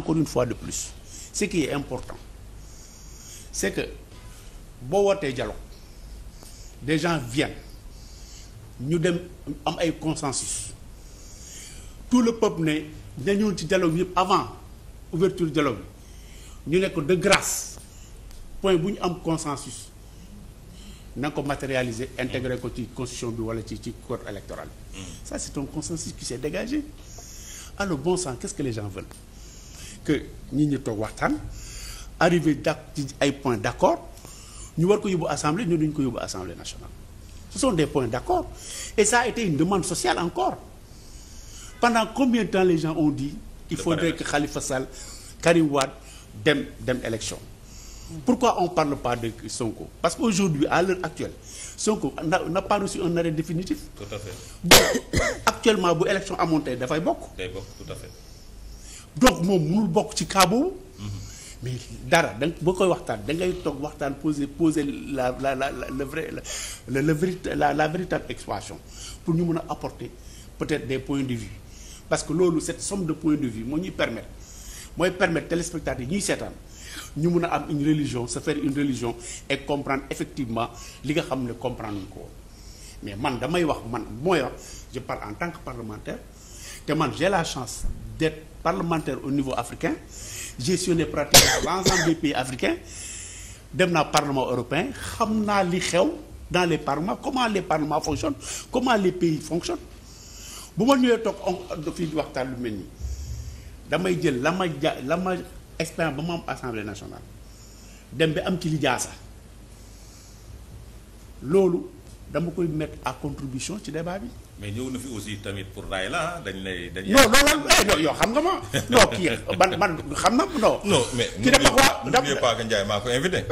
encore une fois de plus ce qui est important c'est que boo wootee dialogue des gens viennent ñu dem am ay consensus tout le peuple ne dañu ci dialogue yëpp avant ouverture dialogue bi ñu nekk ko de grâce point bu ñu am consensus na ko matérialiser intégré ko ci constitution bi wala ci ci code électoral mm. ça c'est un consensus qui s'est dégagé alors bon sang qu'est-ce que les gens veulent que ñi ñu toog waxtaan arrivé d' ci ay points d' accord ñu war ko yóbbu assemblée ñu duñ ko yóbbu assemblée nationale ce sont des points d' et ça a été une demande sociale encore pendant combien temps les gens ont dit il faudrait que Khalifa Sall Karim Wade dem dem élection mm. pourquoi on parle pas de Sonko parce que aujourd'hui à l'heure actuelle Sonko n'a pas reçu un arrêt définitif tout actuellement bu élection amoon tey dafay bokk bokk donc moom mënul bokk ci cas boobu. mais dara da boo koy waxtaan da ngay toog waxtaan poser poser la la la le vrai la le la la véritable expression pour ñu mën a apporter peut-être des points de vue parce que loolu cette somme de points de vue moo ñuy permettre mooy permettre téléspectateurs yi ñuy seetaan ñu mun a am une religion se faire une religion et comprendre effectivement li nga xam ne comprendre ñu ko mais man damay wax man mooy wax je par en tant que parlementaire te man j'ai la chance. d'être parlementaire au niveau africain gestionné pratiquement l'ensemble pays africains dem naa parlement européen xam naa li xew dans les parlements comment les parlements fonctionnent comment les pays fonctionnent bu ma ñëwee toog on euh, waxtaan lu mel nii damay jël la ma ja la ma expérience ba ma am assemblée nationale dem bi am ci lijaasa loolu dama koy mettre à contribution ci débat bi. mais ñëw na fi aussi tamit pour raay la dañ lay. dañ non loolu eh, yow xam nga ma non kii man man xam na non. non mais ki dama ko. dama ne maa ko invité.